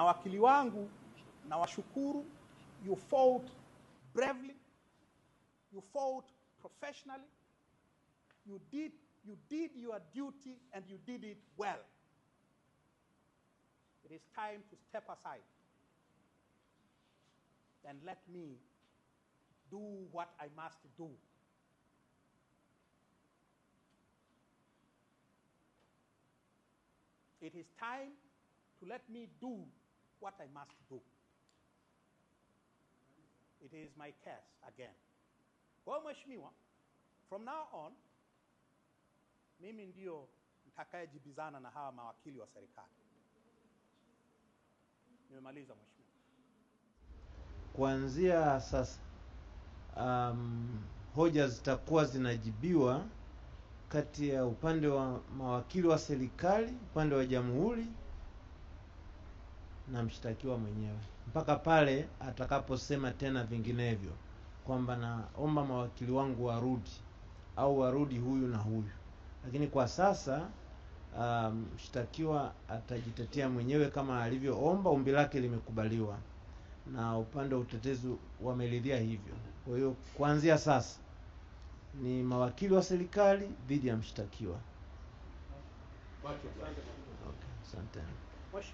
na wakili wangu na washukuru. You fought bravely, you fought professionally, you did, you did your duty and you did it well. It is time to step aside and let me do what I must do. It is time to let me do what I must do. It is my case again. Kwa mheshimiwa, from now on mimi ndio nitakayejibizana na hawa mawakili wa serikali. Nimemaliza mheshimiwa. Kuanzia sasa um, hoja zitakuwa zinajibiwa kati ya upande wa mawakili wa serikali, upande wa jamhuri na mshtakiwa mwenyewe mpaka pale atakaposema tena vinginevyo kwamba naomba mawakili wangu warudi au warudi huyu na huyu. Lakini kwa sasa ah, mshtakiwa um, atajitetea mwenyewe kama alivyoomba, umbi lake limekubaliwa na upande wa utetezi wameridhia hivyo. Kwa hiyo kuanzia sasa ni mawakili wa serikali dhidi ya mshtakiwa. Okay,